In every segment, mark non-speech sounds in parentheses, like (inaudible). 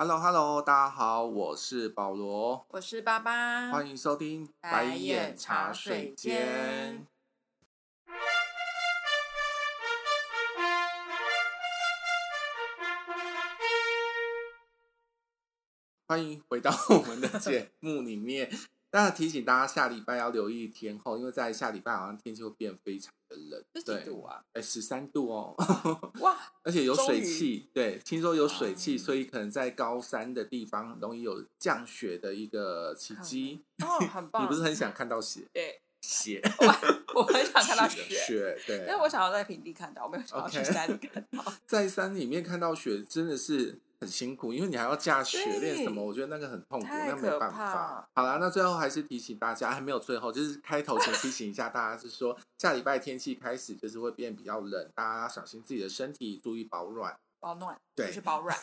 Hello，Hello，hello 大家好，我是保羅，我是爸爸，歡迎收聽白眼，白眼茶水間，歡迎回到我們的節目裡面。 (laughs) 但是提醒大家，下禮拜要留意天候，因為在下禮拜好像天氣會變非常的冷。對、啊。對。欸、多少度啊？哎，十三度哦。哇呵呵！而且有水汽，對，聽說有水汽，哦，所以可能在高山的地方容易有降雪的一個奇蹟，嗯。哦，很棒！你不是很想看到雪？對，雪。哇我很想看到雪，雪對，但我想要在平地看到，我沒有想到去山裡看到。Okay. (laughs) 在山裡面看到雪真的是很辛苦，因為你還要架雪鏈什麼，我覺得那個很痛苦，那沒有辦法。好啦，那最後還是提醒大家，還沒有最後，就是開頭先提醒一下大家， (laughs) 是說下禮拜天氣開始就是會變比較冷，大家要小心自己的身體，注意保暖。保暖，對，是保暖。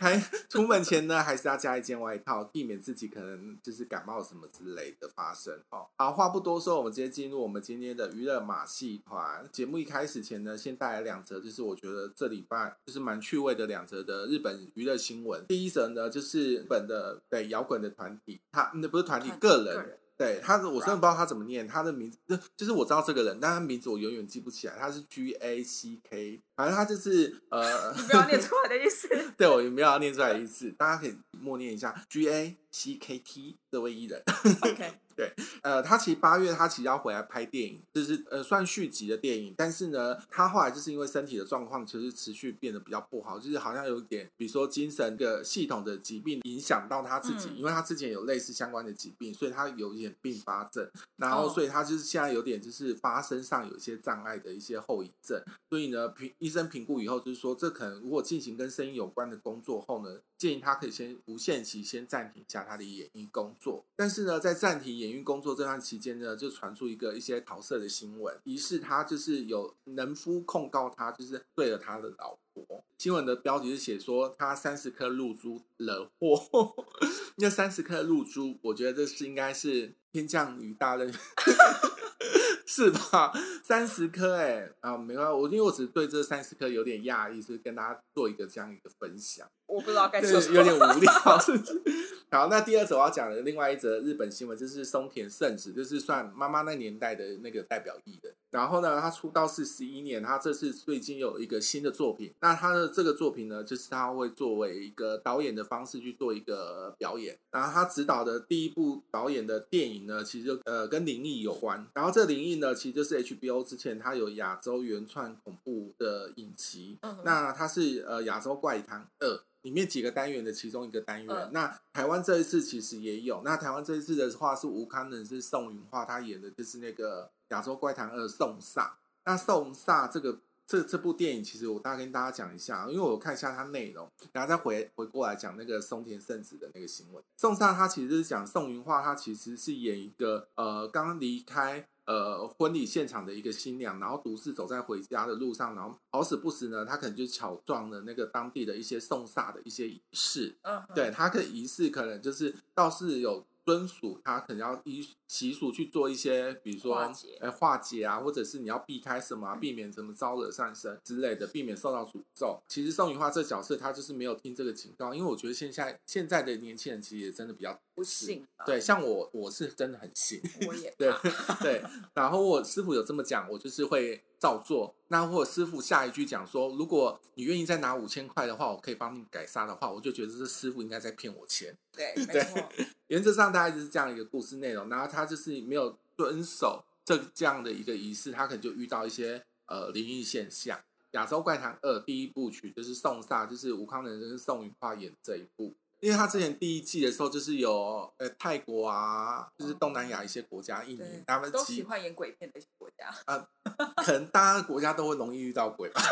(laughs) 出門前呢， (laughs) 還是要加一件外套，避免自己可能就是感冒什麼之類的發生哦。好，話不多說，我們直接進入我們今天的娛樂馬戲團。節目一開始前呢，先帶來兩則，就是我覺得這禮拜就是蠻趣味的兩則的日本娛樂新聞。第一則呢，就是日本的對搖滾的團體，他那不是團體，體個，個人，對，他是我真不知道他怎麼念，Right. 他的名字，就是我知道這個人，但他名字我永遠記不起來。他是 G A C K。反正他就是呃， (laughs) 你不要念出來的意思。 (laughs) 對，我也沒有要念出來的意思， (laughs) 大家可以默念一下。G A C K T 這位藝人，OK， (laughs) 對，呃，他其實八月他其實要回來拍電影，就是呃算續集的電影。但是呢，他後來就是因為身體的狀況，其實持續變得比較不好，就是好像有一點，比如說精神的系統的疾病影響到他自己、嗯，因為他之前有類似相關的疾病，所以他有一點併發症，然後所以他就是現在有點就是發生上有一些障礙的一些後遺症，所以呢，平。醫生評估以後，就是說這可能如果進行跟聲音有關的工作後呢，建議他可以先無限期先暫停一下他的演藝工作。但是呢，在暫停演藝工作這段期間呢，就傳出一個一些桃色的新聞。於是他就是有人夫控告他，就是對了他的老婆。新聞的標題是寫說他三十顆入珠惹禍。 (laughs) 那三十顆入珠，我覺得這是應該是天降雨大任。 (laughs) 是吧？三十顆，欸，哎，啊，沒關係，我因為我只是對這三十顆有點訝異，所以跟大家做一個這樣一個分享。我不知道該說什麼。有點無聊。 (laughs) (laughs) 好，那第二則我要講的另外一則日本新聞就是松田聖子，就是算媽媽那年代的那個代表藝人。然後呢，他出道41年，他這次最近有一個新的作品。那他的這個作品呢，就是他會作為一個導演的方式去做一個表演。然後他指導的第一部導演的電影呢，其實就呃跟靈異有關。然後這靈異呢，其實就是 HBO 之前他有亞洲原創恐怖的影集。嗯。那他是呃亞洲怪談二。裡面幾個單元的其中一個單元，嗯、那台灣這一次其實也有，那台灣這一次的話是吳慷仁是宋芸樺他演的，就是那個亞洲怪談二宋煞。那宋煞這個這這部電影，其實我大概跟大家講一下，因為我看一下它內容，然後再回回過來講那個松田聖子的那個新聞。宋煞他其實是講宋芸樺，他其實是演一個呃剛離開。呃，婚禮現場的一個新娘，然後獨自走在回家的路上，然後好死不死呢，她可能就巧撞了那個當地的一些送煞的一些儀式。嗯、oh, okay.，對，她的儀式可能就是倒是有尊屬他，她可能要依習俗去做一些，比如說，哎，化解啊，或者是你要避開什麼，啊，避免什麼招惹上身之類的，避免受到詛咒。嗯、其實宋雨花這角色，她就是沒有聽這個警告，因為我覺得現在現在的年輕人其實也真的比較。不信、啊，對，像我我是真的很信，我也 (laughs) 對對。然後我師父有這麼講，我就是會照做。那或者師父下一句講說，如果你願意再拿五千塊的話，我可以幫你改殺的話，我就覺得這師父應該在騙我錢。對，對，沒錯。原則上，大概就是這樣一個故事內容。然後他就是沒有遵守這這樣的一個儀式，他可能就遇到一些呃靈異現象。《亞洲怪談二》第一部曲就是送煞，就是吳慷仁跟宋芸樺演這一部。因為他之前第一季的時候，就是有呃泰國啊，就是東南亞一些國家印尼，他們都喜歡演鬼片的一些國家。呃，可能大家的國家都會容易遇到鬼吧。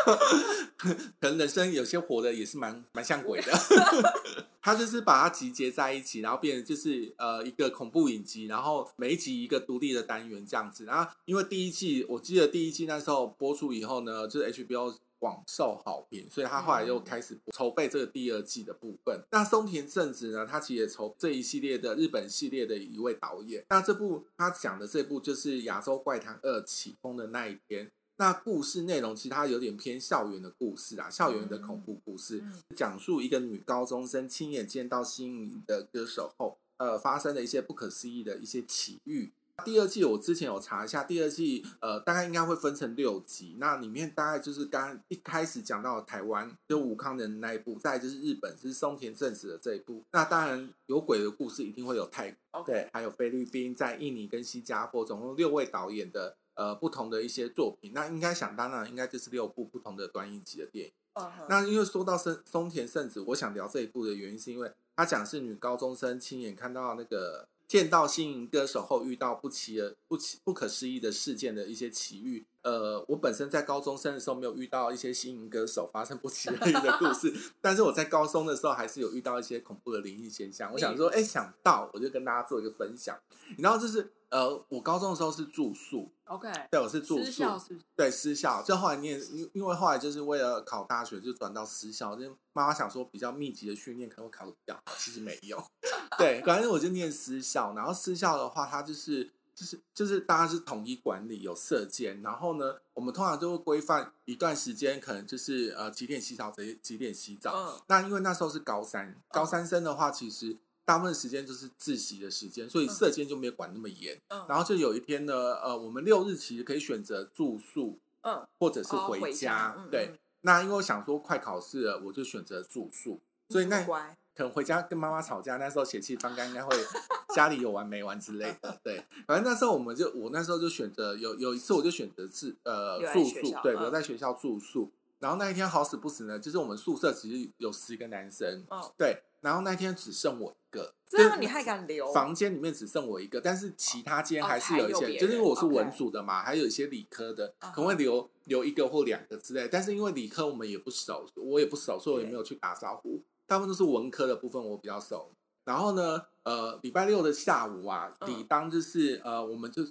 (laughs) 可能人生有些活的也是蠻蠻像鬼的。 (laughs) 他就是把它集結在一起，然後變成就是呃一個恐怖影集，然後每一集一個獨立的單元這樣子。然後因為第一季，我記得第一季那時候播出以後呢，就是 HBO。廣受好評，所以他後來又開始籌備這個第二季的部分。嗯、那松田聖子呢？他其實也籌這一系列的日本系列的一位導演。那這部他講的這部就是《亞洲怪談二：起風的那一天》。那故事內容其實它有點偏校園的故事啊，嗯、校園的恐怖故事，嗯，講述一個女高中生親眼見到心儀的歌手後，呃，發生的一些不可思議的一些奇遇。第二季我之前有查一下，第二季呃大概應該會分成六集，那裡面大概就是剛一開始講到台灣就吳慷仁那一部，再來就是日本是松田聖子的這一部，那當然有鬼的故事一定會有泰國、okay. 對，還有菲律賓在印尼跟新加坡，總共六位導演的呃不同的一些作品，那應該想當然應該就是六部不同的短影集的電影。Oh, okay. 那因為說到松松田聖子，我想聊這一部的原因是因為他講是女高中生親眼看到那個。見到心儀歌手後，遇到不期而不期、不可思議的事件的一些奇遇。呃，我本身在高中生的時候沒有遇到一些心儀歌手發生不期而遇的故事， (laughs) 但是我在高中的時候還是有遇到一些恐怖的靈異現象。我想說，哎、欸，想到我就跟大家做一個分享。然後就是。呃，我高中的時候是住宿，OK，對，我是住宿，是是對，私校。就後來念，因因為後來就是為了考大學，就轉到私校。就媽媽想說比較密集的訓練，可能會考的比較好。其實沒有， (laughs) 對，反正我就念私校。然後私校的話，它就是就是就是，就是、大家是統一管理，有舍監。然後呢，我們通常就會規範一段時間，可能就是呃幾點洗澡，幾幾點洗澡、嗯。那因為那時候是高三，高三生的話，其實。嗯大部分時間就是自習的時間，所以課間就沒有管那麼嚴、嗯。然後就有一天呢，呃，我們六日其實可以選擇住宿，嗯，或者是回家。哦，回家對，嗯嗯，那因為我想說快考試了，我就選擇住宿。所以那乖可能回家跟媽媽吵架，那時候血氣方剛，應該會家裡有完沒完之類的。 (laughs) 對，反正那時候我們就，我那時候就選擇有有一次我就選擇自呃住宿，對，留在學校住宿，嗯。然後那一天好死不死呢，就是我們宿舍其實有十個男生，哦，對，然後那天只剩我。這樣你還敢留？就是、房間裡面只剩我一個，但是其他間還是有一些，就是因為我是文組的嘛，Okay. 還有一些理科的，可能會留、Okay. 留一個或兩個之類。但是因為理科我們也不熟，我也不熟，所以我也沒有去打招呼。大部分都是文科的部分我比較熟。然後呢，呃，禮拜六的下午啊，理當就是呃，我們就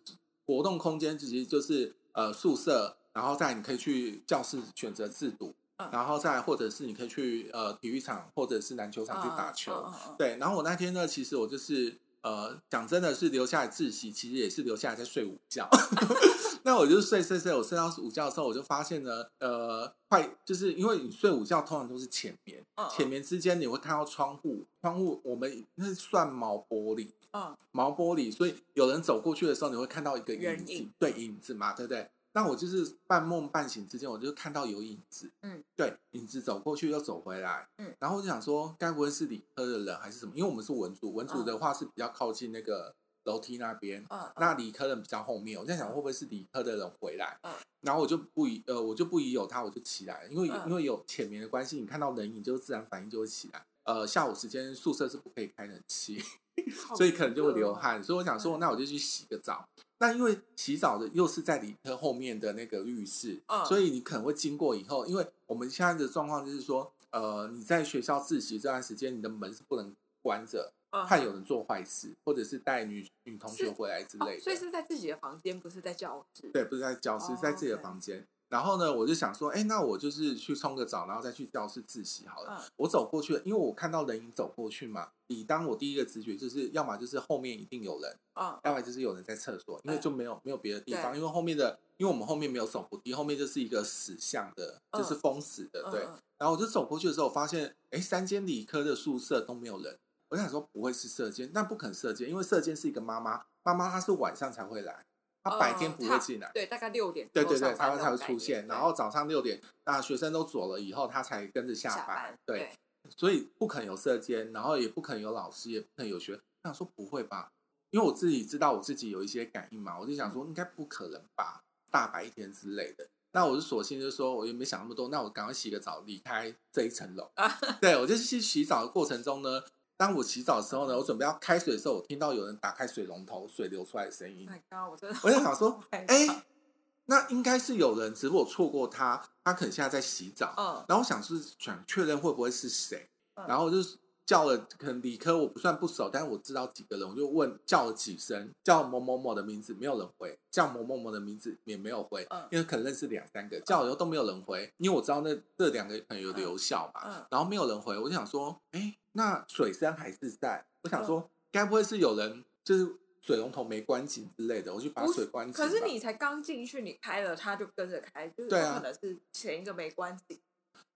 活動空間其實就是呃宿舍，然後再你可以去教室選擇制度。然後再或者是你可以去呃體育場或者是籃球場去打球，oh, oh, oh, oh. 對。然後我那天呢，其實我就是呃講真的是留下來自習，其實也是留下來在睡午覺。 (laughs) (laughs) 那我就睡睡睡，我睡到午覺的時候，我就發現呢，呃，快就是因為你睡午覺通常都是淺眠，淺、oh, 眠、oh. 之間你會看到窗戶，窗戶我們那算毛玻璃，嗯、oh.，毛玻璃，所以有人走過去的時候，你會看到一個影子，影，對影子嘛，對不對？那我就是半夢半醒之間，我就看到有影子，嗯，對，影子走過去又走回來，嗯，然後我就想說，該不會是理科的人還是什麼？嗯、因為我們是文組，文組的話是比較靠近那個樓梯那邊，嗯，嗯那理科人比較後面，我在想說會不會是理科的人回來，嗯，嗯然後我就不疑，呃，我就不疑有他，我就起來，因為、嗯、因為有淺眠的關係，你看到人影，就自然反應就會起來。呃，下午時間宿舍是不可以開冷氣， (laughs) 所以可能就會流汗，所以我想說，那我就去洗個澡。嗯嗯但因為洗澡的又是在理科後面的那個浴室，uh, 所以你可能會經過以後。因為我們現在的狀況就是說，呃，你在學校自習這段時間，你的門是不能關着，uh, 怕有人做壞事，或者是帶女女同學回來之類的。是、哦。所以是在自己的房間，不是在教室。對，不是在教室，oh, okay. 在自己的房間。然後呢，我就想說，哎，那我就是去沖個澡，然後再去教室自習好了。Uh, 我走過去，因為我看到人影走過去嘛，你當我第一個直覺就是，要麼就是後面一定有人，啊、uh, uh,，要麼就是有人在廁所，uh, 因為就沒有沒有別的地方，因為後面的，因為我們後面沒有手扶梯，後面就是一個死巷的，uh, 就是封死的，對。Uh, uh, 然後我就走過去的時候，我發現，哎，三間理科的宿舍都沒有人，我想說不會是舍監，但不可能舍監，因為舍監是一個媽媽，媽媽她是晚上才會來。他白天不會進來、嗯，對，大概六點。對對對，他才會出現。然後早上六點，那、啊、學生都走了以後，他才跟着下班，下班對。對，所以不可能有舍監，然後也不可能有老師，也不可能有學生。那我想說不會吧，因為我自己知道我自己有一些感應嘛，我就想說應該不可能吧、嗯，大白天之類的。那我就索性就說，我也沒想那麼多，那我趕快洗個澡離開這一層樓。 (laughs) 對我就是去洗澡的過程中呢。當我洗澡的時候呢，我準備要開水的時候，我聽到有人打開水龍頭水流出來的聲音。高、oh，我真的。我就想說，哎、欸，那應該是有人，只不過我錯過他，他可能現在在洗澡。嗯、然後我想是想確認會不會是誰、嗯，然後就是。叫了，可能理科我不算不熟，但是我知道幾個人，我就問叫了幾聲，叫某某某的名字，沒有人回；叫某某某的名字也沒有回，嗯、因為可能認識兩三個，嗯、叫了以後都沒有人回。因為我知道那這兩個朋友留校嘛、嗯嗯，然後沒有人回，我就想說，哎、欸，那水聲還是在。我想說，該、嗯、不會是有人就是水龍頭沒關緊之類的。我就把水關。可是你才剛進去，你開了，他就跟着開，就是可能是前一個沒關緊。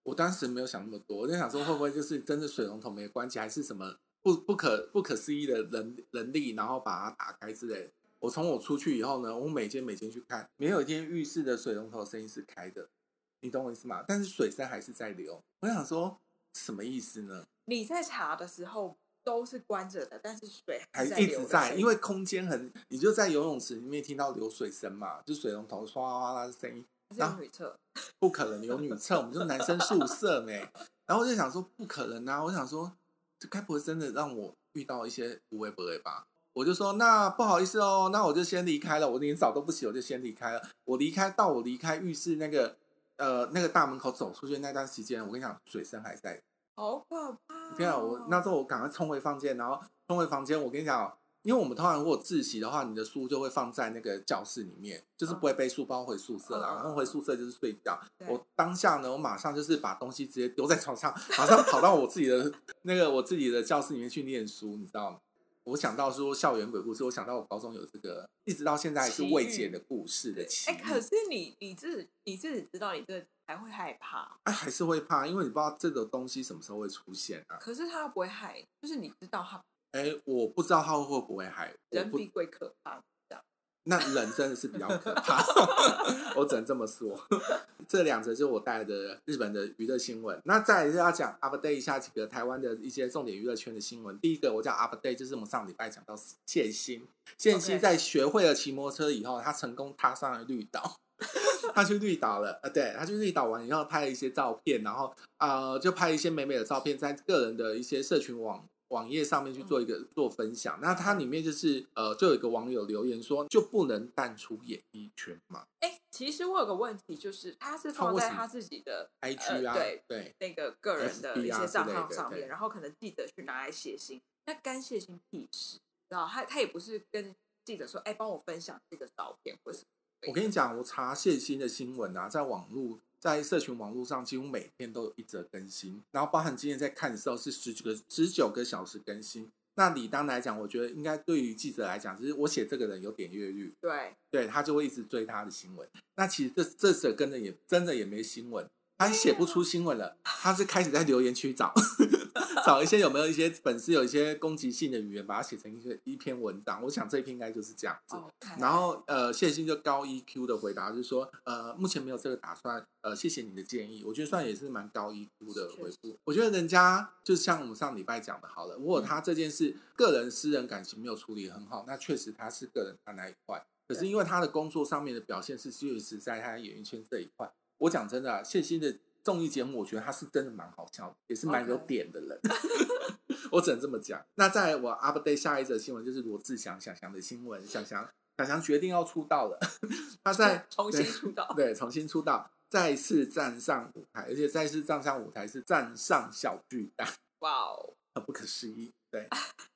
我當時沒有想那麼多，我就想說，會不會就是真的水龍頭沒關係，還是什麼不不可不可思議的能能力，然後把它打開之類的。我從我出去以後呢，我每間每間去看，沒有一間浴室的水龍頭聲音是開的，你懂我意思嗎？但是水聲還是在流。我想說什麼意思呢？你在查的時候都是關着的，但是水還，是還一直在，因為空間很，你就在游泳池裡面聽到流水聲嘛，就水龍頭唰啦啦的聲音。.是女廁，啊，不可能有女廁， (laughs) 我們就是男生宿舍呢。然後我就想說，不可能啊！我想說，這該不會真的讓我遇到一些無微不微吧？我就說，那不好意思哦，那我就先離開了。我連澡都不洗，我就先離開了。我離開到我離開浴室那個呃那個大門口走出去的那段時間，我跟你講，水聲還在，好可怕，哦！我那時候我趕快衝回房間，然後衝回房間，我跟你講。因為我們通常如果自習的話，你的書就會放在那個教室裡面，就是不會背書包回宿舍啦。然後回宿舍就是睡覺。我當下呢，我馬上就是把東西直接丟在床上，馬上跑到我自己的那個我自己的教室裡面去念書。你知道嗎？我想到說校園鬼故事，我想到我高中有這個一直到現在還是未解的故事的。哎，可是你你自己你自己知道，你這還會害怕？哎，還是會怕，因為你不知道這個東西什麼時候會出現啊。可是他不會害，就是你知道他。哎，我不知道他會不會害人比鬼可怕。那人真的是比較可怕， (laughs) (laughs) 我只能這麼說。 (laughs) (laughs) 這兩則就是我帶來的日本的娛樂新聞。那再要講 update 一下幾個台灣的一些重點娛樂圈的新聞。第一個，我講 update 就是我們上禮拜講到謝忻，謝、okay. 忻在學會了騎摩托車以後，他成功踏上了綠島， (laughs) 他去綠島了。啊對他去綠島完以後拍了一些照片，然後啊、呃，就拍一些美美的照片在個人的一些社群網。網頁上面去做一個、嗯、做分享，那它裡面就是呃，就有一個網友留言說，就不能淡出演藝圈嘛、欸。其實我有個問題，就是他是放在他自己的、呃、IG、啊、對對那個個人的一些賬號上面、啊對對對，然後可能記者去拿來寫信，對對對，那干謝忻屁事？然後他他也不是跟記者說，哎、欸，幫我分享這個照片，或是我跟你講，我查謝忻的新聞啊，在網絡。在社群網絡上，幾乎每天都有一則更新，然後包含今天在看的時候是十九個、十九個小時更新。那理當來講，我覺得應該對於記者來講，就是我寫這個人有點閱率，對，對他就會一直追他的新聞。那其實這這則跟着也真的也沒新聞，他寫不出新聞了，yeah. 他是開始在留言區找。 (laughs) (laughs) 找一些有沒有一些粉絲有一些攻擊性的語言，把它寫成一個一篇文章。我想這一篇應該就是這樣子。然後呃，謝忻就高 EQ 的回答就是說，呃，目前沒有這個打算。呃，謝謝你的建議，我覺得算也是蠻高 EQ 的回覆。我覺得人家就是像我們上禮拜講的，好了，如果他這件事個人私人感情沒有處理很好，那確實他是個人他那一塊。可是因為他的工作上面的表現是就是在他演藝圈這一塊。我講真的啊，謝忻的綜藝節目，我覺得他是真的蠻好笑的，也是蠻有點的人。Okay. (laughs) 我只能這麼講。那在我 update 下一則新聞就是羅志祥小祥的新聞，小祥，小祥決定要出道了。 (laughs) 他在重新出道對，對，重新出道，再次站上舞台，而且再次站上舞台是站上小巨蛋。哇，很不可思議。對，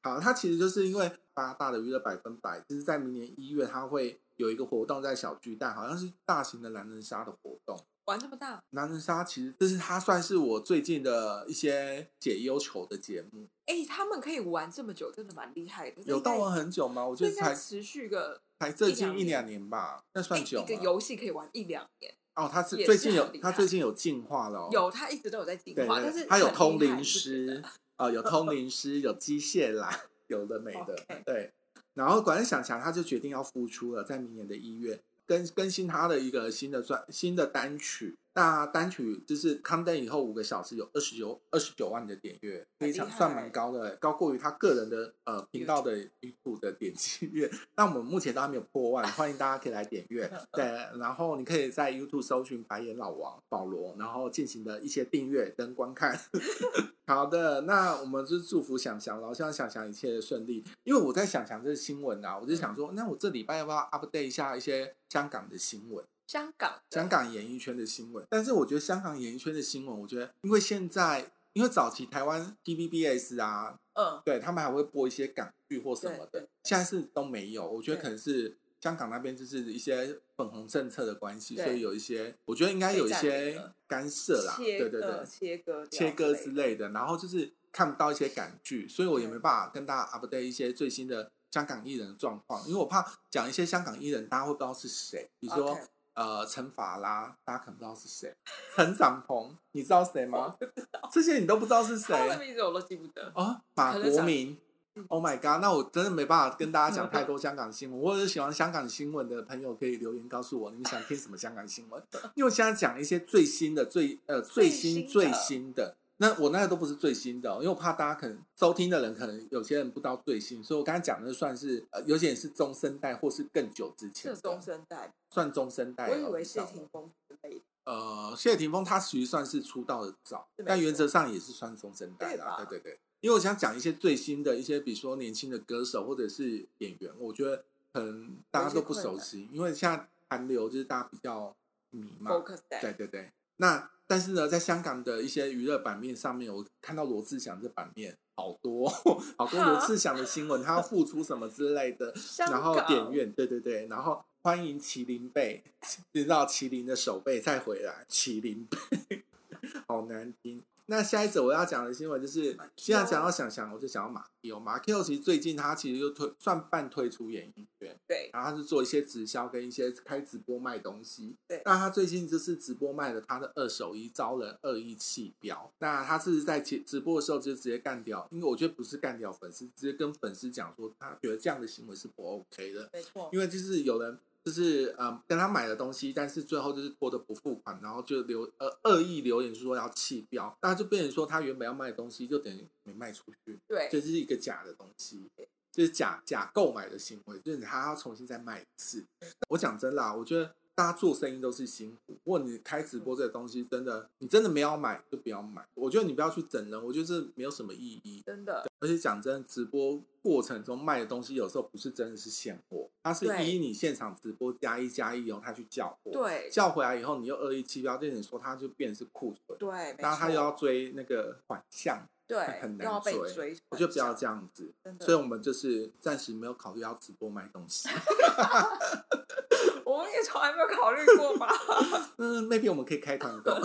好，他其實就是因為八大的娛樂百分百，就是在明年一月他會有一個活動在小巨蛋，好像是大型的狼人殺的活動。玩這麼大，狼人殺其實，這是他算是我最近的一些解憂愁的節目、欸。哎，他們可以玩這麼久，真的蠻厲害的。有到玩很久嗎？我覺得才持續個才最近一兩年吧，那算久、欸。一個遊戲可以玩一兩年。哦，他是，是最近有他最近有進化了。有他一直都有在進化，但是他有通靈師啊、呃，有通靈師， (laughs) 有機械啦，有的沒的。Okay. 對，然後果然想，想他就決定要復出了，在明年的一月。更更新他的一個新的專新的單曲。那單曲就是刊登以後五個小時有二十九二十九萬的點閱，非常算蠻高的，高過於他個人的呃頻道的、yeah. YouTube 的點擊率。那我們目前都還沒有破萬，歡迎大家可以來點閱。 (laughs) 對，然後你可以在 YouTube 搜尋白眼老王保羅，然後進行的一些訂閱跟觀看。 (laughs) 好的，那我們就祝福想想，然後希望想想一切的順利。因為我在想想這個新聞啊，我就想說，嗯、那我這禮拜要不要 update 一下一些香港的新聞？香港香港演藝圈的新聞，但是我覺得香港演藝圈的新聞，我覺得因為現在因為早期台灣 TVBS 啊，嗯，對，他們還會播一些港劇或什麼的，現在是都沒有。我覺得可能是香港那邊就是一些粉紅政策的關係，所以有一些，我覺得應該有一些干涉啦，對對對，對，切割切割之類的、嗯，然後就是看不到一些港劇，所以我也沒辦法跟大家 update 一些最新的香港藝人的狀況，因為我怕講一些香港藝人，大家會不知道是誰，比如說。Okay. 呃，陳法拉，大家可能不知道是誰，陳展鵬，你知道誰嗎？不知道？這些你都不知道是誰？他的名字我都記不得啊、哦。馬國明，Oh my God！那我真的沒辦法跟大家講太多香港新聞，嗯。我有喜歡香港新聞的朋友，可以留言告訴我你們想聽什麼香港新聞。 (laughs) 因為我現在講一些最新的最呃最新最新的。那我那個都不是最新的、哦，因為我怕大家可能收聽的人可能有些人不知道最新，所以我剛才講的算是呃，有些人是中生代或是更久之前。是中生代。算中生代。我以為謝霆鋒之類的。呃，謝霆鋒他其實算是出道的早，但原則上也是算中生代啦。對啊。對對對，因為我想講一些最新的一些，比如說年輕的歌手或者是演員，我覺得可能大家都不熟悉，因為現在韓流就是大家比較迷嘛。對對對，那。但是呢，在香港的一些娛樂版面上面，我看到羅志祥這版面好多好多羅志祥的新聞，他 (laughs) 要復出什麼之類的，然後點閱，對對對，然後歡迎麒麟貝，直到麒麟的手背再回來，麒麟貝，好難聽。那下一則我要講的新聞就是，現在講到想想，我就想到 Makiyo，Makiyo 其實最近他其實又推算半退出演藝圈，對，然後他是做一些直銷跟一些開直播賣東西，對。那他最近就是直播賣了他的二手衣，遭人惡意棄標。那他是在直播的時候就直接幹掉，因為我覺得不是幹掉粉絲，直接跟粉絲講說他覺得這樣的行為是不 OK 的，沒錯。因為就是有人。就是嗯跟他買的東西，但是最後就是拖着不付款，然後就留呃惡意留言說要棄標，那就變成說他原本要賣的東西就等於沒賣出去，對，就是一個假的東西，就是假假購買的行為，就是他要重新再賣一次。我講真的啦，我覺得。大家做生意都是辛苦。如果你開直播這個東西，真的，你真的沒有買就不要買。我覺得你不要去整人，我覺得這沒有什麼意義。真的。而且講真的，直播過程中賣的東西有時候不是真的是現貨，它是依你現場直播加一加一後他去叫貨。對。叫回來以後，你又惡意棄標，就你說他就變成是庫存。對。然後他又要追那個款項。對。很難追，追。我就不要這樣子。所以我們就是暫時沒有考慮要直播賣東西。 (laughs) (laughs) 我們也從來沒有考慮過嘛。 (laughs) 嗯，maybe 我們可以開堂的。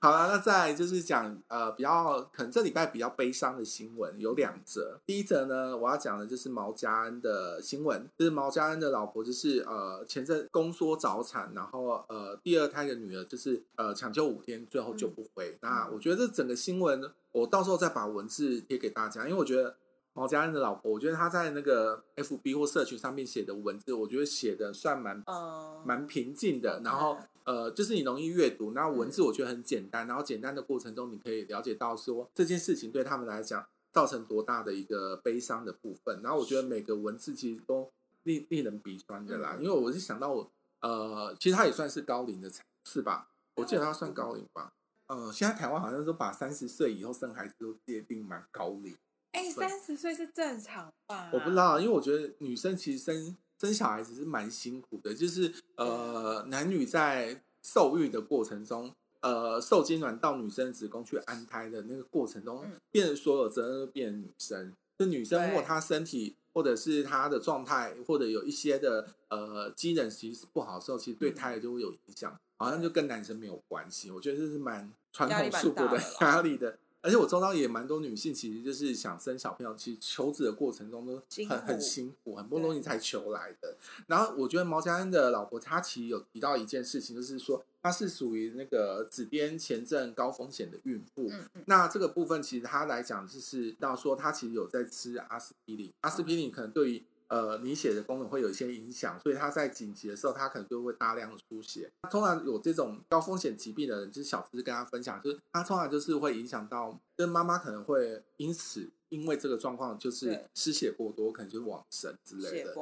好了，啊，那再就是講呃，比較可能這禮拜比較悲傷的新聞有兩則。第一則呢，我要講的就是毛加恩的新聞，就是毛加恩的老婆就是呃，前陣宮縮早產，然後呃，第二胎的女兒就是呃，搶救五天最後救不回，嗯。那我覺得這整個新聞，我到時候再把文字貼給大家，因為我覺得。毛加恩的老婆，我覺得他在那個 F B 或社群上面寫的文字，我覺得寫的算蠻、uh, okay. 蠻平靜的。然後，呃，就是你容易閱讀，那文字我覺得很簡單。嗯、然後，簡單的過程中，你可以了解到說這件事情對他們來講造成多大的一個悲傷的部分。然後，我覺得每個文字其實都令令人鼻酸的啦。嗯、因為我是想到我，呃，其實他也算是高齡的，是吧？我記得他算高齡吧、嗯？呃，現在台灣好像說把三十歲以後生孩子都界定蠻高齡。哎、欸，三十歲是正常吧，啊？我不知道，因為我覺得女生其實生生小孩子是蠻辛苦的，就是呃，嗯，男女在受孕的過程中，呃，受精卵到女生子宮去安胎的那個過程中，變成所有責任都變成女生。那，嗯、女生如果她身體或者是她的狀態，或者有一些的呃機能其實不好的時候，其實對胎兒就會有影響，嗯，好像就跟男生沒有關係。我覺得這是蠻傳統束縛的壓力，力的。而且我周遭也蠻多女性，其實就是想生小朋友，其實求子的過程中都很很辛苦，辛苦很不容易才求來的。然後我覺得毛加恩的老婆，她其實有提到一件事情，就是說她是屬於那個子癇前症高風險的孕婦、嗯。那這個部分其實她來講，就是到說她其實有在吃阿司匹林。嗯、阿司匹林可能對於呃，凝血的功能會有一些影響，所以他在緊急的時候，他可能就會大量的出血。他通常有這種高風險疾病的人，就是小夫就跟他分享，就是他通常就是會影響到，跟、就是、媽媽可能會因此因為這個狀況就是失血過多，可能就往生之類的。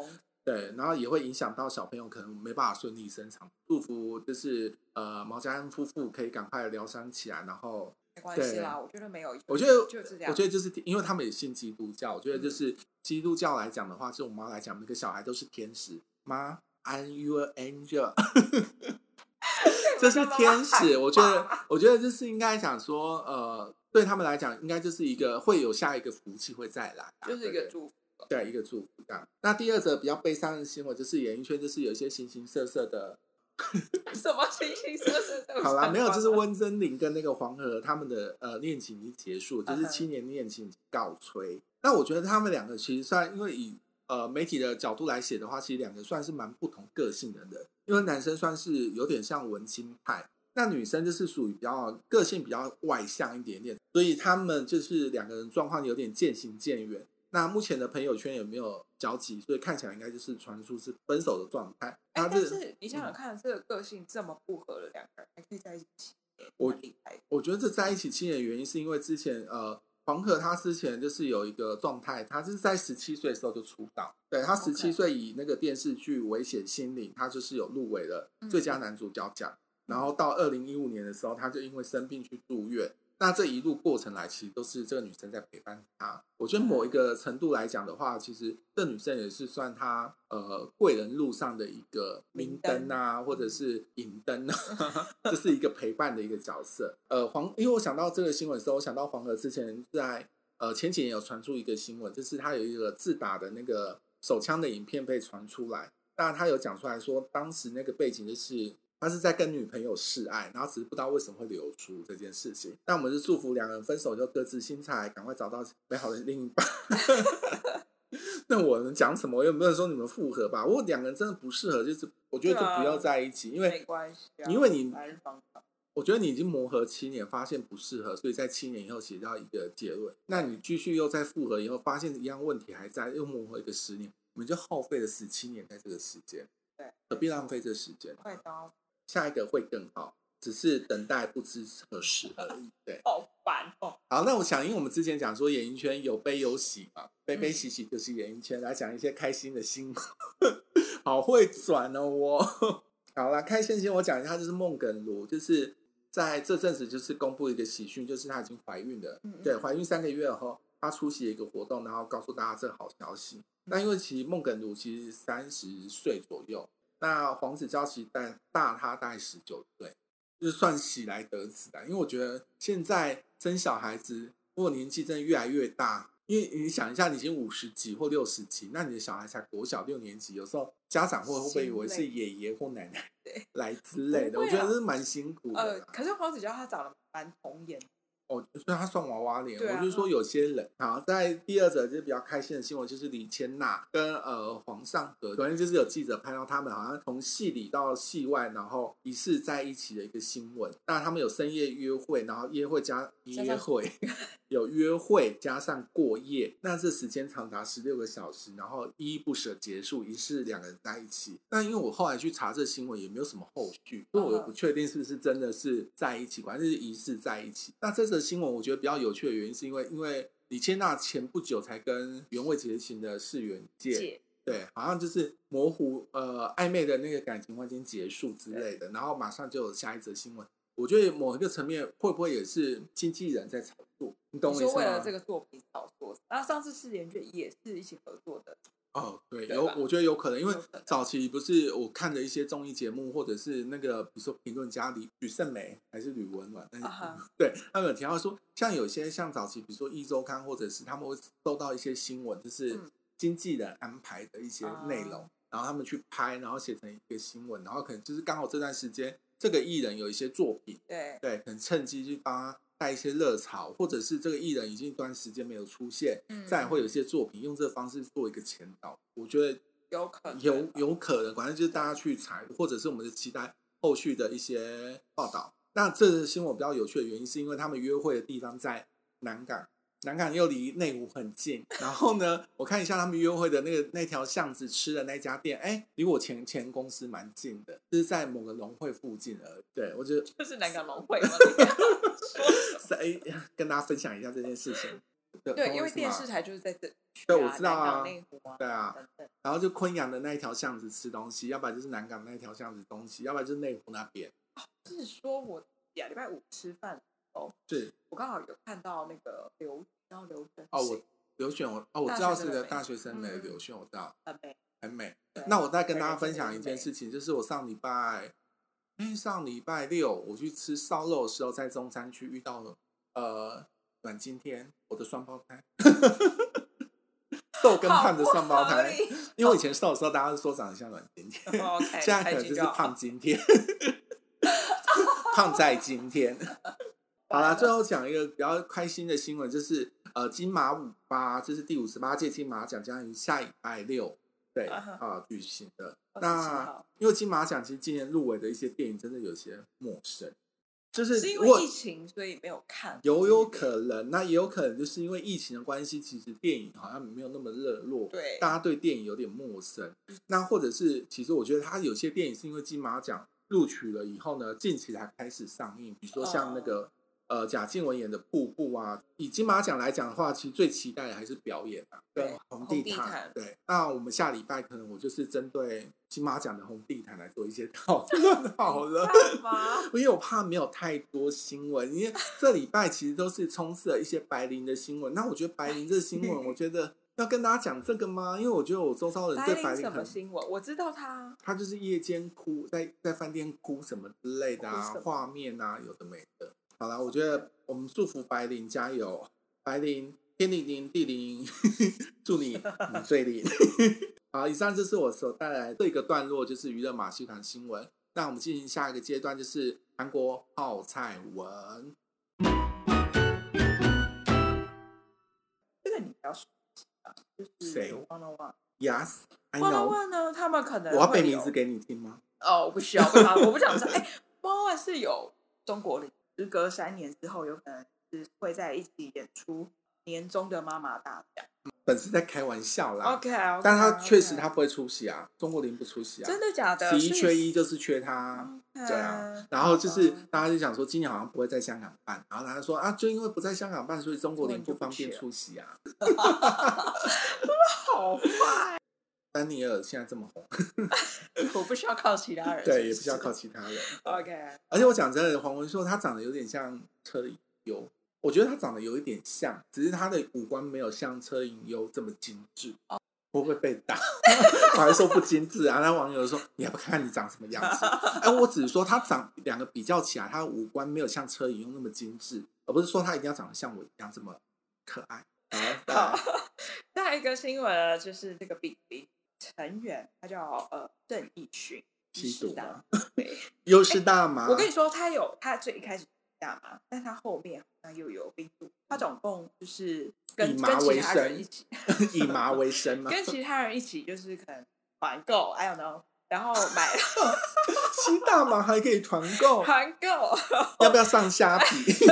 對，然後也會影響到小朋友，可能沒辦法順利生產。祝福就是呃，毛加恩夫婦可以趕快的療傷起來，然後沒關係啦，我覺得沒有，我覺得就是、這樣，我覺得就是因為他們也信基督教，我覺得就是。嗯基督教來講的話，就我媽來講，每個小孩都是天使。媽，I'm your angel？ (laughs) 這是天使我。我覺得，我覺得這是應該講說，呃，對他們來講，應該就是一個會有下一個福氣會再來，啊，就是一個祝福。對，對一個祝福這樣。那第二則比較悲傷的新聞就是演藝圈，就是有一些形形色色的。什麼心情？是不是？好啦，沒有，就是溫貞菱跟那個黃河他們的呃戀情已經結束，就是七年戀情告吹。Okay. 那我覺得他們兩個其實算，因為以呃媒體的角度來寫的話，其實兩個算是蠻不同個性的人。因為男生算是有點像文青派，那女生就是屬於比較個性比較外向一點點，所以他們就是兩個人狀況有點漸行漸遠。那目前的朋友圈也沒有交集？所以看起來應該就是傳出是分手的狀態，欸。但是你想想看，嗯、這個個性這麼不合的兩個人，還可以在一起？我我覺得這在一起七年的原因是因為之前呃，黃河他之前就是有一個狀態，他是在十七歲的時候就出道，對他十七歲以那個電視劇《危險心靈》okay. 他就是有入圍了最佳男主角獎，嗯，然後到二零一五年的時候，他就因為生病去住院。那這一路過程來，其實都是這個女生在陪伴他。我覺得某一個程度來講的話，其實這女生也是算他呃貴人路上的一個明燈啊，或者是引燈啊，這是一個陪伴的一個角色。呃，黃，因為我想到這個新聞的時候，我想到黃河之前在呃前幾年有傳出一個新聞，就是他有一個自打的那個手槍的影片被傳出來，那他有講出來說，當時那個背景就是。他是在跟女朋友示愛，然後只是不知道為什麼會流出這件事情。那我們是祝福兩人分手就各自精彩，趕快找到美好的另一半。 (laughs) (laughs) (laughs) 那我能講什麼？我也沒有說你們復合吧。如果兩個人真的不適合，就是我覺得就不要在一起，啊、因為沒關、啊，因為你，我覺得你已經磨合七年，發現不適合，所以在七年以後寫到一個結論。那你繼續又再復合以後，發現一樣問題還在，又磨合一個十年，我們就耗費了十七年在這個時間，對，何必浪費這個時間？快刀。下一個會更好，只是等待不知何時而已。對， (laughs) 好煩哦，喔。好，那我想，因為我們之前講說，演藝圈有悲有喜嘛，悲悲喜喜就是演藝圈。嗯、來講一些開心的新聞， (laughs) 好會轉哦。我 (laughs) 好啦，開心先。我講一下，就是孟耿如，就是在這陣子就是公布一個喜訊，就是她已經懷孕了。嗯嗯對，懷孕三個月後她出席了一個活動，然後告訴大家這個好消息。那、嗯嗯、因為其實孟耿如其實三十歲左右。那黃子佼其實大大他大概十九歲，就是算喜來得子的。因為我覺得現在生小孩子，如果年紀真的越來越大，因為你想一下，你已經五十幾或六十幾，那你的小孩才國小六年級，有時候家長會不會以為是爺爺或奶奶來之類的？我覺得是蠻辛苦的啊。呃，可是黃子佼他長得蠻童顏。哦，所以他算娃娃臉。啊、我就是說有些人，好在第二則就是比較開心的新聞，就是李千娜跟呃黃尚禾。反正就是有記者拍到他們好像從戲裡到戲外，然後疑似在一起的一個新聞。那他們有深夜約會，然後約會加約會， (laughs) 有約會加上過夜，那這時間長達十六個小時，然後依依不捨結束，疑似兩個人在一起。那因為我後來去查這新聞也沒有什麼後續，所以我不確定是不是真的是在一起，反正是疑似在一起。那這這新聞我覺得比較有趣的原因，是因為因為李千那前不久才跟原味結情的世元界，對，好像就是模糊呃曖昧的那個感情關係結束之類的，然後馬上就有下一則新聞。我覺得某一個層面會不會也是經紀人在炒作，你懂我意思啊？你說為了這個作品炒作，然後上次世元界也是一起合作的。哦、oh，對，有我覺得有可能，因為早期不是我看的一些綜藝節目，或者是那個比如說評論家裡呂勝美還是呂文婉嘛，但是 uh -huh. 對，他們有提到說，像有些像早期，比如說《壹週刊》，或者是他們會收到一些新聞，就是經紀人安排的一些內容，嗯，然後他們去拍，然後寫成一個新聞，然後可能就是剛好這段時間這個藝人有一些作品，對，對，可能趁機去幫他。帶一些熱潮，或者是這個藝人已經一段時間沒有出現，嗯，再會有一些作品，用這個方式做一個前導，我覺得有，有可能有，有可能，反正就是大家去猜或者是我們的期待後續的一些報道。那這個新聞比較有趣的原因，是因為他們約會的地方在南港。南港又離內湖很近， (laughs) 然後呢，我看一下他們約會的那個那條巷子吃的那家店，哎，離我前前公司蠻近的，是在某個龍會附近而已。對，我覺得就是南港龍會、 (laughs) (laughs) 欸、跟大家分享一下這件事情。 (laughs) 對，因為電視台就是在這裡、啊。對，我知道啊。南港內湖啊，對啊。等等然後就昆陽的那一條巷子吃東西，要不然就是南港那條巷子東西，要不然就是內湖那邊、啊。是說我禮、啊、拜五吃飯。哦、oh,，我剛好有看到那個劉，然後劉選哦，我劉選我哦，我知道是個大學生的劉選，我知道很美很美。那我再跟大家分享一件事情，就是我上禮拜，欸、上禮拜六我去吃燒肉的時候，在中山區遇到了呃阮經天我的雙胞胎，瘦 (laughs) 跟胖的雙胞胎，因為我以前瘦的時候，大家都說長得很像阮經天，這、oh, okay, 現在可能就是胖經天， (laughs) 胖在經天。 (laughs) 好了，最後講一個比較開心的新聞，就是呃，金馬五八，這是第五十八屆金馬獎將於下禮拜六對啊舉、Uh-huh. 呃、行的。Oh, 那因為金馬獎其實今年入圍的一些電影真的有些陌生，就是,是因為疫情所以沒有看，有有可能，那也有可能就是因為疫情的關係，其實電影好像沒有那麼熱絡，對，大家對電影有點陌生。那或者是其實我覺得他有些電影是因為金馬獎錄取了以後呢，近期才開始上映，比如說像那個。Oh. 呃，賈靜雯演的《瀑布》啊，以金馬獎來講的話，其實最期待的還是表演啊。對，跟紅地毯，紅地毯。對，那我們下禮拜可能我就是針對金馬獎的紅地毯來做一些討論，好了，因為我怕沒有太多新聞，因為這禮拜其實都是充斥了一些白靈的新聞。 (laughs) 那我覺得白靈這個新聞，我覺得要跟大家講這個嗎？ (laughs) 因為我覺得我周遭人對白靈，什麼新聞，我知道他，他就是夜間哭，在在飯店哭什麼之類的啊，畫面啊，有的沒的。好了，我覺得我們祝福白靈加油，白靈天靈靈地靈靈，祝你最靈。 (laughs) 好，以上就是我所帶來的這個段落，就是娛樂馬戲團新聞。那我們進行下一個階段，就是韓國泡菜文。這個你不要說啊，就是 Wanna One Yes，Wanna One 呢，他們可能我要背名字給你聽嗎？哦、oh,，我不需要不， (laughs) 我不想說。哎、欸、Wanna One 是有中國人。時隔三年之後，有可能是會在一起演出年終的媽媽大獎。粉絲在開玩笑啦 okay,，OK，但他確實他不會出席啊，okay. 賴冠霖不出席啊，真的假的？十一缺一就是缺他，okay, 對啊。然後就是、okay. 大家就想說，今年好像不會在香港辦，然後他說啊，就因為不在香港辦，所以賴冠霖不方便出席啊。好壞。丹尼爾現在這麼紅 (laughs) ， (laughs) 我不需要靠其他人，是是，對，也不需要靠其他人。OK，而且我講真的，黃文說他長得有點像車銀優，我覺得他長得有一點像，只是他的五官沒有像車銀優這麼精致。我會不會被打？ (laughs) (laughs) 我還說不精致啊！那網友說：“你還不看看你長什麼樣子？”哎、 (laughs) 欸，我只是說他長兩個比較起來，他的五官沒有像車銀優那麼精致，而不是說他一定要長得像我一樣這麼可愛。好，下、oh. 一個新聞就是那個比餅。成員他叫呃、鄭鎰勳吸毒，又是大麻。我跟你說，他有他最一開始大麻，但他後面好像又有冰毒。他總共就是跟以麻為生，跟其他人一起以麻為生嘛。跟其他人一起就是可能團購還有呢，I don't know, 然後買吸 (laughs) 大麻還可以團購團購， (laughs) 要不要上蝦皮？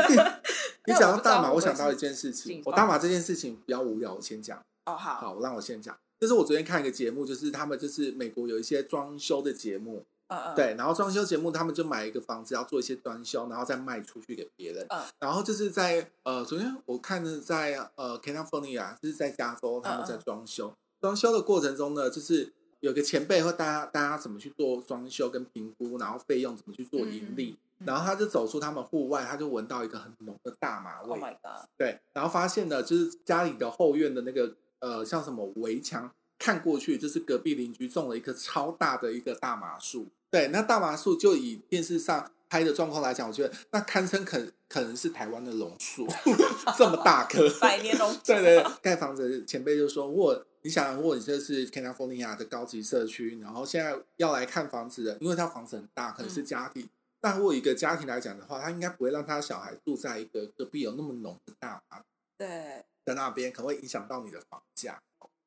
你講到大麻，我想到一件事情，我大麻這件事情比較無聊，我先講哦，oh, 好，好，讓我先講。就是我昨天看一個節目，就是他們就是美國有一些裝修的節目，uh -uh. 對，然後裝修節目他們就買一個房子要做一些裝修，然後再賣出去給別人，嗯、uh -uh.，然後就是在呃，昨天我看的，在呃，California，就是在加州他們在裝修，uh -uh. 裝修的過程中呢，就是有個前輩會大家大家怎麼去做裝修跟評估，然後費用怎麼去做盈利，mm -hmm. 然後他就走出他們戶外，他就聞到一個很濃的大麻味，Oh my god，對，然後發現了，就是家裡的後院的那個。Mm -hmm. 呃，像什麼圍牆看過去，就是隔壁鄰居種了一棵超大的一個大麻樹。對，那大麻樹就以電視上拍的狀況來講，我覺得那堪稱可可能是台灣的榕樹， (laughs) (laughs) 這麼大棵， (laughs) 百年榕樹。對對，對，蓋房子的前輩就說：“我，你想，如果你這是 California 的高級社區，然後現在要來看房子的，因為它房子很大，可能是家庭。嗯、那如果一個家庭來講的話，他應該不會讓他小孩住在一個隔壁有那麼濃的大麻。”對。在那邊，可能會影響到你的房價。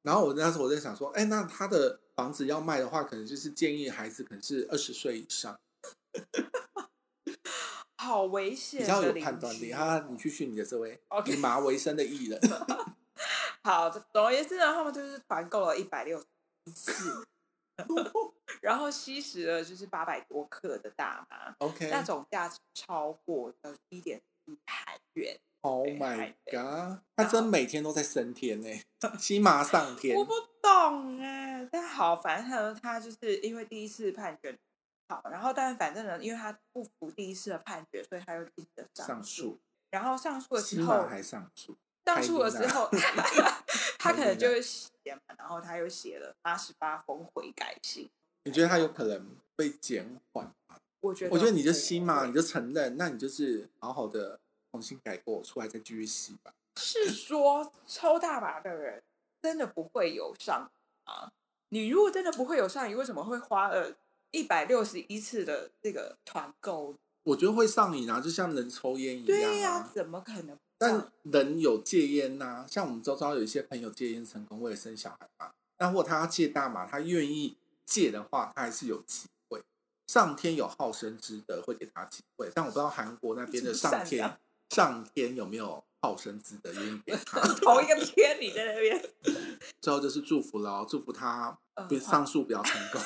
然後我那時候我在想說，哎、欸，那他的房子要賣的話，可能就是建議孩子可能是二十歲以上。 (laughs) 好危險！你要有判斷力哈。你去訓你的這位以麻為生的藝人。 (laughs) (laughs) 好，總而言之，然後就是團購了一百六十次， (laughs) (laughs) 然後吸食了就是八百多克的大麻。OK，那總價值超過一點。判決。Oh my god！他真每天都在升天呢，起碼 (laughs) 上天。我不懂啊，他好煩。他說他就是因為第一次判決好，然後但反正呢，因為他不服第一次的判決，所以他又提得上訴。然後上訴了之後還上訴，上訴了之後， (laughs) 他可能就會寫嘛，然後他又寫了八十八封悔改信。你覺得他有可能被減緩嗎？我覺得你就吸嘛，你就承認，那你就是好好的重新改過出來，再繼續吸吧。是說抽大麻的人真的不會有上癮、啊？你如果真的不會有上癮，為什麼會花了一百六十一次的這個團購？我覺得會上癮啊，就像人抽菸一樣、啊、對呀、啊，怎麼可能？但人有戒菸吶、啊，像我們周遭有一些朋友戒菸成功，為了生小孩嘛。那如果他要戒大麻，他願意戒的話，他還是有癮。上天有好生之德，會給他機會，但我不知道韓國那邊的上天，上天有沒有好生之德願意給他。同 (laughs) 一個天你在那邊。最後就是祝福了、哦，祝福他、呃、上訴比較成功，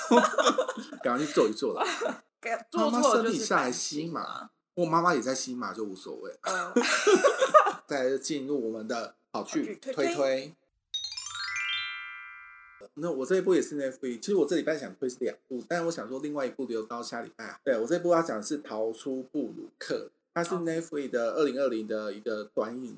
趕 (laughs) 快去做一做了。媽、啊、媽身體下來吸麻、啊，我媽媽也在吸麻，就無所謂。嗯、 (laughs) 再進入我們的好劇推推。推推那、no, 我這一部也是 Netflix 其實我這禮拜想推是兩部，但是我想說另外一部留到下禮拜。對我這一部要講的是《逃出布魯克》，它是 Netflix 的二零二零的一個短影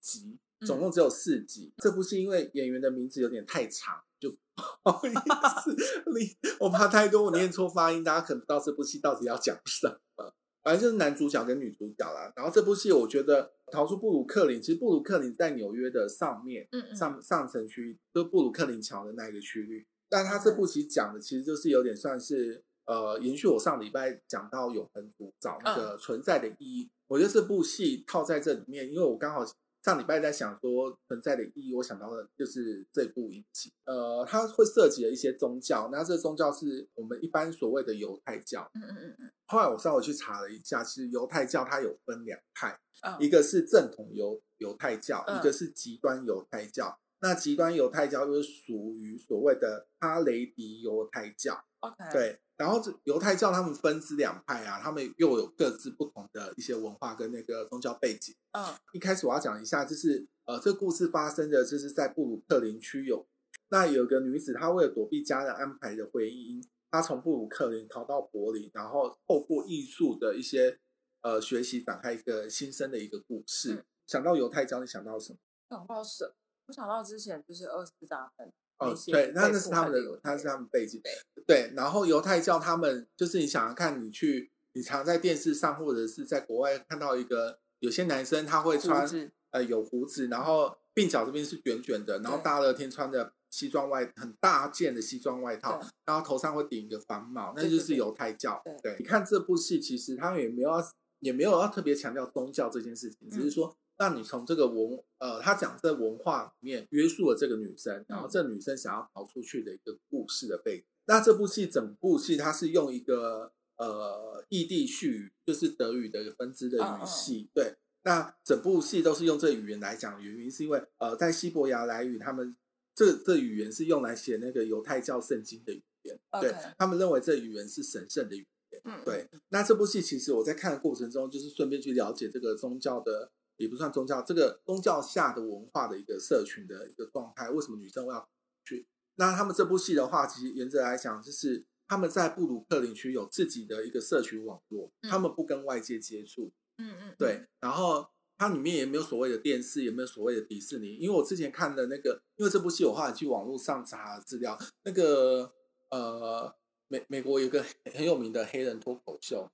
集，okay. 總共只有四集。嗯、這部戲因為演員的名字有點太長，就不好意思。 (laughs) (laughs) 我怕太多我念錯發音， (laughs) 大家可能不知道這部戲到底要講什麼。反正就是男主角跟女主角啦。然後這部戲我覺得。逃出布魯克林，其實布魯克林在紐約的上面，嗯嗯上上城區，就是、布魯克林橋的那個區域。但他這部戲講的，其實就是有點算是，嗯、呃，延續我上禮拜講到永恆族找那個存在的意義。我覺得這部戲套在這裡面，因為我剛好。上禮拜在想說存在的意義，我想到的就是這部影集。呃，它會涉及了一些宗教，那這個宗教是我們一般所謂的猶太教。嗯嗯嗯，後來我稍微去查了一下，其實猶太教它有分兩派，一個是正統猶猶太教，一個是極端猶太教，嗯。那極端猶太教就是屬於所謂的哈雷迪猶太教。Okay. 對，然後這猶太教他們分支兩派啊，他們又有各自不同的一些文化跟那個宗教背景。嗯、oh.，一開始我要講一下，就是呃，這個故事發生的就是在布魯克林區有，那有個女子，她為了躲避家人安排的婚姻，她從布魯克林逃到柏林，然後透過藝術的一些呃學習展開一個新生的一個故事。嗯、想到猶太教，你想到什麼？想到什我想到之前就是二次大戰。哦，對，那那是他們的，那是他們背景，對。然後猶太教他們就是你想要看，你去，你常在電視上或者是在國外看到一個有些男生他會穿呃有鬍子，然後鬢角這邊是捲捲的，然後大熱天穿着西裝外很大件的西裝外套，然後頭上會頂一個方帽，那就是猶太教。對，你看這部戲其實他們也沒有要也沒有要特別強調宗教這件事情，只，就是說。那你從這個文，呃，他講這文化裡面約束了這個女生，然後這女生想要逃出去的一個故事的背景。嗯、那這部戲整部戲它是用一個呃，意第緒語，就是德語的一個分支的語系。哦哦哦對，那整部戲都是用這語言來講。原因是因為，呃，在希伯來語，他們這這語言是用來寫那個猶太教聖經的語言。Okay、對，他們認為這語言是神聖的語言。嗯、對，那這部戲其實我在看的過程中，就是順便去了解這個宗教的。也不算宗教，這個宗教下的文化的一個社群的一個狀態，為什麼女生會要去？那他們這部戲的話，其實原則來講，就是他們在布魯克林區有自己的一個社群網絡，嗯、他們不跟外界接觸。嗯嗯，對嗯嗯。然後它裡面也沒有所謂的電視，也沒有所謂的迪士尼。因為我之前看的那個，因為這部戲，我後來去網絡上查資料，那個呃，美美國有個很有名的黑人脫口秀，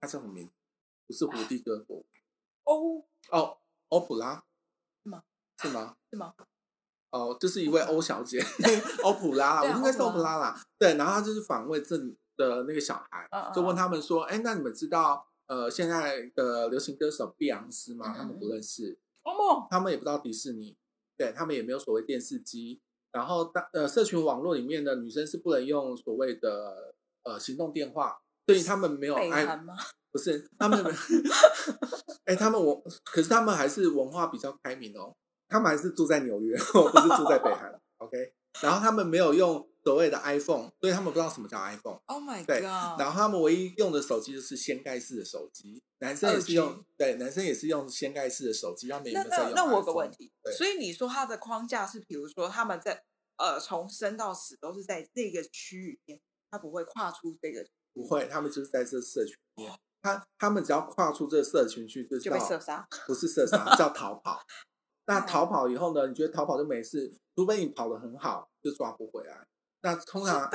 他叫什麼名字？不是胡迪哥、啊？哦。哦，歐普拉，是嗎？是嗎？啊、是嗎？哦，這、就是一位歐小姐，歐普， (laughs) 普拉啦， (laughs) 啊、我應該是歐普拉啦。對，然後她就是訪問這裡的那個小孩、哦，就問他們說：“哎、嗯欸，那你們知道呃現在的流行歌手碧昂斯嗎？”嗯、他們不認識、嗯，他們也不知道迪士尼，對，他們也沒有所謂電視機。然後當呃社群網絡裡面的女生是不能用所謂的呃行動電話，所以他們沒有。不是他們，哎、 (laughs) 欸，他們我，可是他們還是文化比較開明哦。他們還是住在紐約，不是住在北韓。 (laughs) OK，然後他們沒有用所謂的 iPhone，所以他們不知道什麼叫 iPhone。Oh my God！然後他們唯一用的手機就是掀蓋式的手機，男生也是用，oh、對，男生也是用掀蓋式的手機。他們在用 iPhone，那那那我有個問題。對，所以你說他的框架是，比如說他們在呃從生到死都是在這個區域面，他不會跨出這個區域，不會，他們就是在這社區裡面。Oh. 他他們只要跨出這個社群去，就知道，就被射殺，不是射殺 (laughs) 叫逃跑。 (laughs) 那逃跑以後呢？你覺得逃跑就沒事？除非你跑的很好，就抓不回來。那通常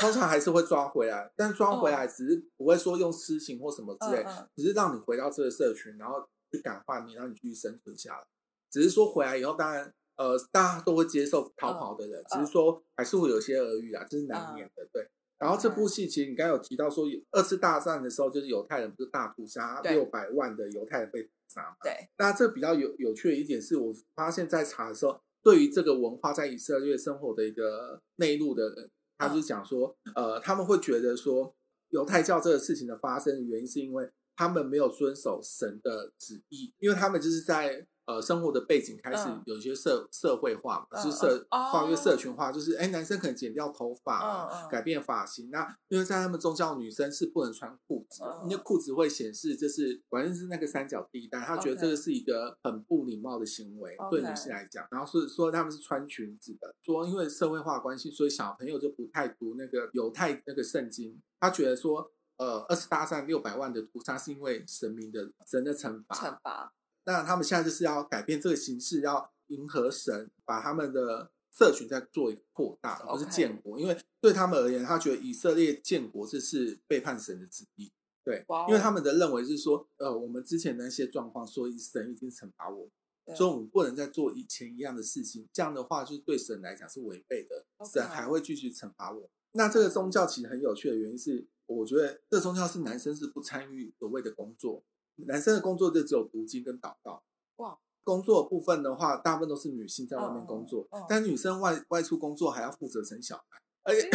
通常還是會抓回來，但抓回來只是不會說用私刑或什麼之類，oh. 只是讓你回到這個社群，然後去感化你，讓你繼續生存下來。只是說回來以後，當然呃，大家都會接受逃跑的人，oh. 只是說、oh. 還是會有些耳語啊，這、就是難免的，oh. 對。然後這部戲其實你剛才有提到說，二次大戰的時候就是猶太人不是大屠殺，六百萬的猶太人被殺嗎。對，那這比較有有趣的一點是，我發現在查的時候，對於這個文化在以色列生活的一個內陸的人，他就是講說、嗯，呃，他們會覺得說，猶太教這個事情的發生原因是因為他們沒有遵守神的旨意，因為他們就是在。呃，生活的背景開始有一些社、嗯、社會化嘛，就、嗯、是社，一、嗯、個、哦、社群化，就是哎、欸，男生可能剪掉頭髮、嗯，改變髮型、嗯。那因為在他們宗教，女生是不能穿褲子、嗯，因為褲子會顯示就是，反正是那個三角地帶，他覺得這個是一個很不禮貌的行為，嗯、對女性來講、嗯。然後是說、說他們是穿裙子的，嗯、說因為社會化關係，所以小朋友就不太讀那個猶太那個聖經。他覺得說，呃，二次大戰六百萬的屠殺是因為神明的神的懲罰、懲罰。那他們現在就是要改變這個形式，要迎合神，把他們的社群再做一個擴大，而不是建國。因為對他們而言，他覺得以色列建國這是背叛神的旨意。對，wow. 因為他們的認為是說，呃，我們之前的那些狀況，所以神已經懲罰我，yeah. 所以我們不能再做以前一樣的事情。這樣的話，就是對神來講是違背的，神還會繼續懲罰我。Okay. 那這個宗教其實很有趣的原因是，我覺得這個宗教是男生是不參與所謂的工作。男生的工作就只有讀經跟禱告。哇！工作的部分的話，大部分都是女性在外面工作。但但女生外外出工作還要負責生小孩，而且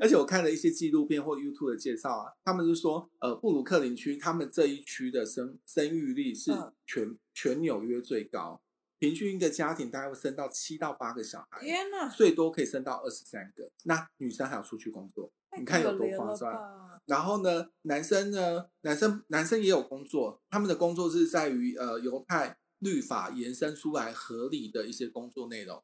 而且我看了一些紀錄片或 YouTube 的介紹啊，他們是說，呃，布魯克林區他們這一區的生生育率是全全紐約最高，平均一個家庭大概會生到七到八個小孩。天吶，最多可以生到二十三個。那女生還要出去工作，你看有多划算？然後呢，男生呢，男生男生也有工作，他們的工作是在於呃，猶太律法延伸出來合理的一些工作內容。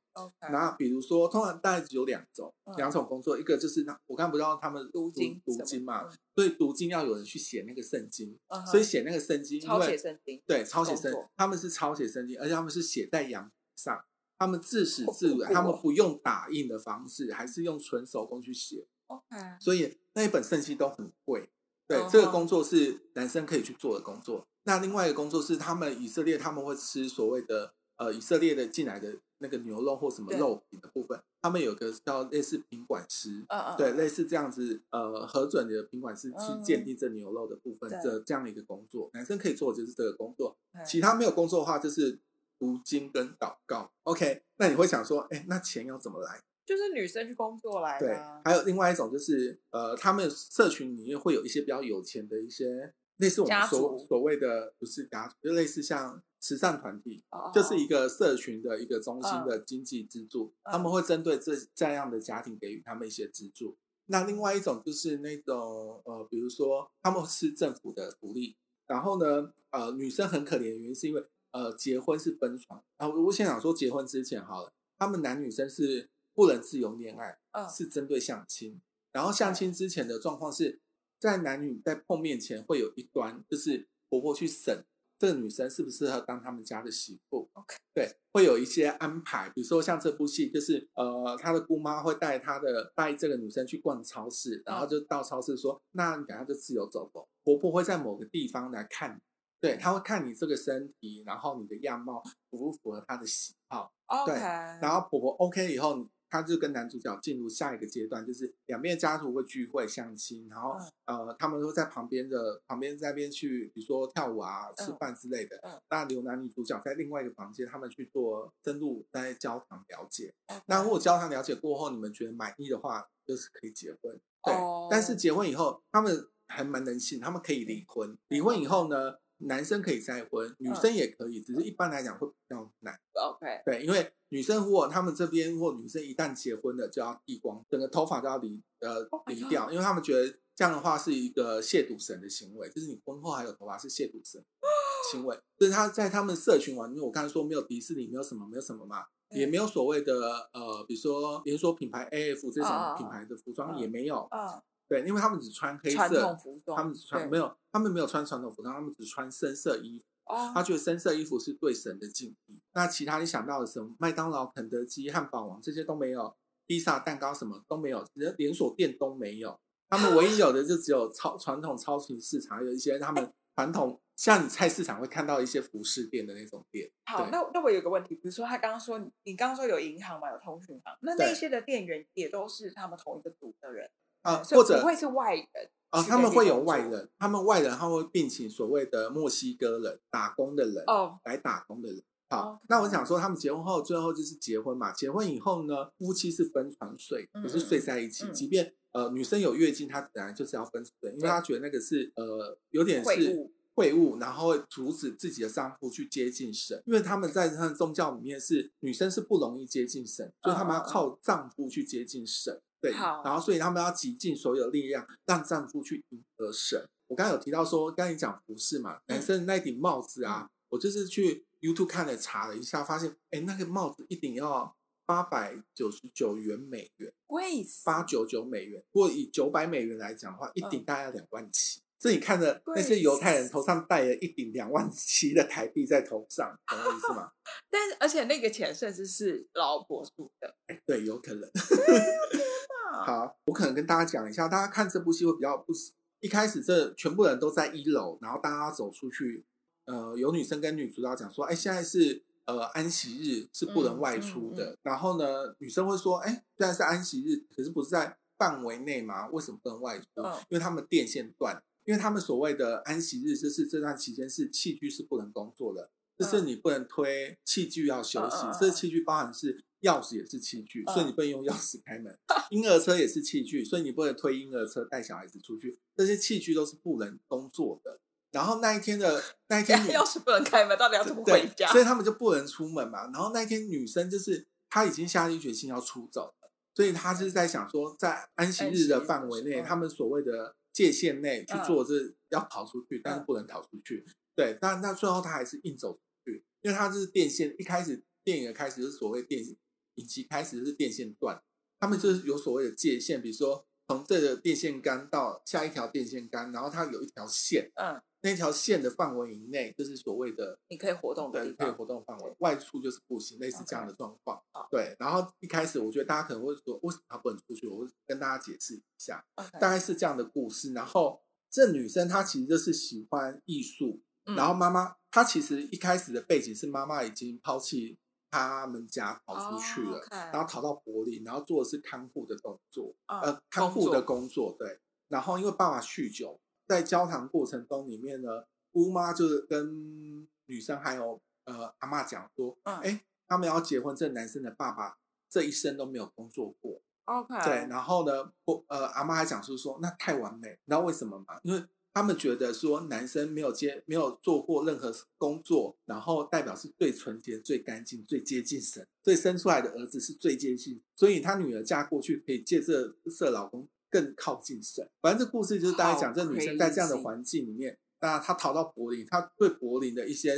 那、okay. 比如說，通常大概只有兩種、uh -huh. 兩種工作，一個就是我看不到他們讀，讀經讀經嘛，所以讀經要有人去寫那個聖經，uh -huh. 所以寫那個聖經，因為，抄寫聖經，對，抄寫聖經寫，他們是抄寫聖經，而且他們是寫在羊上，他們自始至終，oh, oh, oh. 他們不用打印的方式，還是用純手工去寫。OK，所以。那一本聖書都很貴，對、oh，這個工作是男生可以去做的工作。Oh，那另外一個工作是，他們以色列他們會吃所謂的呃以色列的進來的那個牛肉或什麼肉品的部分，他們有一個叫類似品管師，oh、對、uh、類似這樣子呃核准的品管師去鑑定這牛肉的部分，oh，這這樣的一個工作，男生可以做的就是這個工作。其他沒有工作的話就是讀經跟禱告。Oh、OK，那你會想說，哎、欸，那錢要怎麼來？就是女生去工作來的。對，還有另外一種就是，呃，他們社群裡面會有一些比較有錢的一些類似我們所家所謂的不是家，就類似像慈善團體，oh, 就是一個社群的、uh, 一個中心的經濟支柱。Uh, 他們會針對這這樣的家庭給予他們一些資助。Uh, 那另外一種就是那種呃，比如說他們是政府的福利，然後呢，呃，女生很可憐，原因是因為呃，結婚是奔床。然後我如果說結婚之前好了，他們男女生是。不能自由戀愛，嗯，是針對相親。Oh. 然後相親之前的狀況是在男女在碰面前會有一段，就是婆婆去審這個女生適不適合當他們家的媳婦。Okay. 對，會有一些安排，比如說像這部戲，就是呃，她的姑媽會帶她的帶這個女生去逛超市，然後就到超市說，oh. 那你等下就自由走走。婆婆會在某個地方來看你，對，她會看你這個身體，然後你的樣貌符不符合她的喜好。Okay. 對，然後婆婆 OK 以後。他就跟男主角進入下一個階段，就是兩邊家族會聚會相親，然後呃，他們會在旁邊的旁邊的那邊去，比如說跳舞啊、吃飯之類的。嗯嗯、那留男女主角在另外一個房間，他們去做深入在交談了解、嗯。那如果交談了解過後，你們覺得滿意的話，就是可以結婚。對、哦，但是結婚以後，他們還蠻人性，他們可以離婚。離婚以後呢？嗯男生可以再婚，女生也可以，嗯、只是一般來講會比較難。嗯、OK，對，因為女生如果他們這邊或女生一旦結婚了，就要剃光，整個頭髮都要離呃離掉，oh、因為他們覺得這樣的話是一個褻瀆神的行為，就是你婚後還有頭髮是褻瀆神的行為。Oh、所以他在他們社群網，因為我剛才說沒有迪士尼，沒有什麼，沒有什麼嘛，也沒有所謂的呃，比如說連鎖品牌 AF 這種品牌的服裝也沒有。Oh. Oh. Oh. Oh. Oh. 對，因為他們只穿黑色，他們只穿沒有，他們沒有穿傳統服裝，他們只穿深色衣服。哦、oh.，他覺得深色衣服是對神的敬意。那其他你想到的什麼麥當勞、肯德基、漢堡王這些都沒有，披薩、蛋糕什麼都沒有，連連鎖店都沒有。他們唯一有的就只有超 (laughs) 傳統超級市場，還有一些他們傳統像你菜市場會看到一些服飾店的那種店。好，那那我有個問題，比如說他剛剛說你剛剛說有銀行嘛，有通訊行，那那些的店員也都是他們同一個組。啊、呃，或者不會是外人啊、呃呃，他們會有外人，他們外人他會聘請所謂的墨西哥人打工的人，哦、oh.，來打工的人。好，oh, okay. 那我想說，他們結婚後最後就是結婚嘛，結婚以後呢，夫妻是分床睡，不、嗯就是睡在一起。嗯、即便呃女生有月經，她本來就是要分床睡，因為她覺得那個是呃有點是穢物，然後會阻止自己的丈夫去接近神，因為他們在他們宗教裡面是女生是不容易接近神，所以他們要靠丈夫去接近神。Oh. 嗯對好，然後所以他們要竭盡所有力量讓丈夫去贏得神。我剛才有提到說，嗯、剛才你講服飾嘛，男生那頂帽子啊、嗯，我就是去 YouTube 看了查了一下，發現哎，那個帽子一頂要八百九十九元美元，貴，八九九美元。如果以九百美元來講的話，一頂大概兩萬七。這、哦、你看着那些猶太人頭上戴了一頂兩萬七的台幣在頭上，啊、懂我意思嗎？但是而且那個錢甚至是老婆出的，哎，對，有可能。 (laughs) 好，我可能跟大家講一下，大家看這部戲會比較不是一開始，這全部人都在一樓，然後大家走出去，呃，有女生跟女主角講說，哎、欸，現在是呃安息日，是不能外出的。嗯嗯嗯、然後呢，女生會說，哎、欸，雖然是安息日，可是不是在範圍內嗎？為什麼不能外出？嗯、因為他們電線斷，因為他們所謂的安息日，就是這段期間是器具是不能工作的，就、嗯、是你不能推器具要休息，嗯、這器具包含是。鑰匙也是器具，所以你不能用鑰匙開門、嗯。嬰兒車也是器具，所以你不能推嬰兒車帶小孩子出去。這些器具都是不能工作的。然後那一天的那一天、哎，鑰匙不能開門，到底要怎麼回家？所以他們就不能出門嘛。然後那一天女生就是她已經下定決心要出走了，所以她就是在想說，在安息日的範圍內，他們所謂的界限內去做這是要逃出去、嗯，但是不能逃出去。對，但那，那最後，她還是硬走出去，因為她是電線。一開始電影的開始是所謂電線。以及開始是電線段，他們就是有所謂的界限，比如說從這個電線杆到下一條電線杆，然後它有一條線，嗯，那條線的範圍以內就是所謂的你可以活動的地方。對，可以活動範圍，外出就是不行，類似這樣的狀況。Okay. 對，然後一開始我覺得大家可能會說為什麼他不能出去？我跟大家解釋一下、Okay.，大概是這樣的故事。然後這女生她其實就是喜歡藝術、嗯，然後媽媽她其實一開始的背景是媽媽已經拋棄。他們家跑出去了，oh, okay. 然後逃到柏林，然後做的是看護的動作，uh, 呃，看護的工作,工作，對。然後因為爸爸酗酒，在交談過程中裡面呢，姑媽就是跟女生還有呃阿媽講說，哎、uh, 欸，他們要結婚，這男生的爸爸這一生都沒有工作過，OK。對，然後呢，呃阿媽還講是說，那太完美，你知道為什麼嗎？因為。他們覺得說，男生沒有接沒有做過任何工作，然後代表是最純潔、最乾淨、最接近神，所以生出來的兒子是最接近，所以他女兒嫁過去可以借這色老公更靠近神。反正這故事就是大概講，這女生在這樣的環境裡面，那她逃到柏林，她對柏林的一些。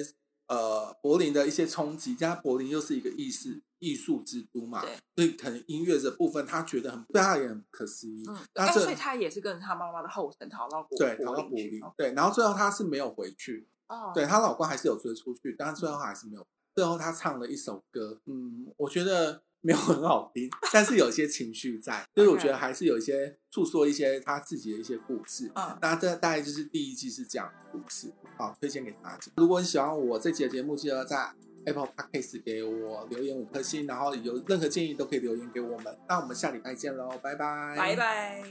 呃，柏林的一些衝擊，加上柏林又是一個藝術藝術之都嘛，對，所以可能音樂這部分他覺得很對他也很可惜。嗯，但是所以他也是跟着他媽媽的後塵逃到國，逃到柏林。哦。對，然後最後他是沒有回去，哦。對他老公還是有追出去，但是最後他還是沒有，嗯。最後他唱了一首歌，嗯，我覺得。沒有很好聽，但是有些情緒在， (laughs) 所以我覺得還是有一些訴說一些他自己的一些故事。Okay. 那這大概就是第一季是這樣的故事，好推薦給大家。如果你喜歡我這期的節目，記得在 Apple Podcast 給我留言五顆星，然後有任何建議都可以留言給我們。那我們下禮拜見嘍，拜拜，拜拜。